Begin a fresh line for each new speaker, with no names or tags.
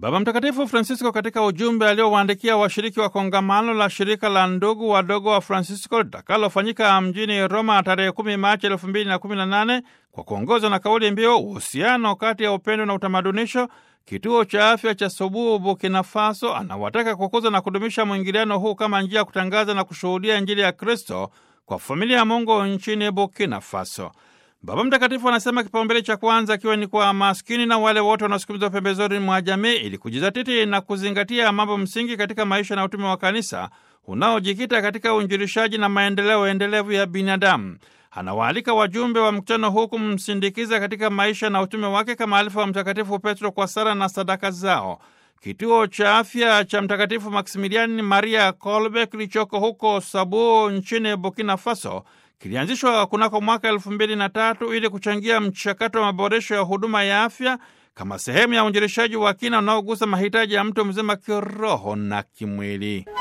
Baba Mtakatifu Francisco katika ujumbe aliowaandikia washiriki wa kongamano la shirika la ndugu wadogo wa Francisco litakalofanyika mjini Roma tarehe 10 Machi 2018 kwa kuongozwa na kauli mbiu uhusiano kati ya upendo na utamadunisho, kituo cha afya cha Sobuhu, Burkina Faso, anawataka kukuza na kudumisha mwingiliano huu kama njia ya kutangaza na kushuhudia Injili ya Kristo kwa familia ya Mungu nchini Burkina Faso. Baba Mtakatifu anasema kipaumbele cha kwanza akiwa ni kwa maskini na wale wote wanaosukumizwa pembezoni mwa jamii ili kujizatiti na kuzingatia mambo msingi katika maisha na utume wa kanisa unaojikita katika uinjilishaji na maendeleo endelevu ya binadamu. Anawaalika wajumbe wa mkutano huu kumsindikiza katika maisha na utume wake kama alifa wa Mtakatifu Petro kwa sala na sadaka zao. Kituo cha afya cha Mtakatifu Maksimiliani Maria Kolbe kilichoko huko Sabu nchini Burkina Faso kilianzishwa kunako mwaka elfu mbili na tatu ili kuchangia mchakato wa maboresho ya huduma ya afya kama sehemu ya uinjirishaji wa kina unaogusa mahitaji ya mtu mzima kiroho na kimwili.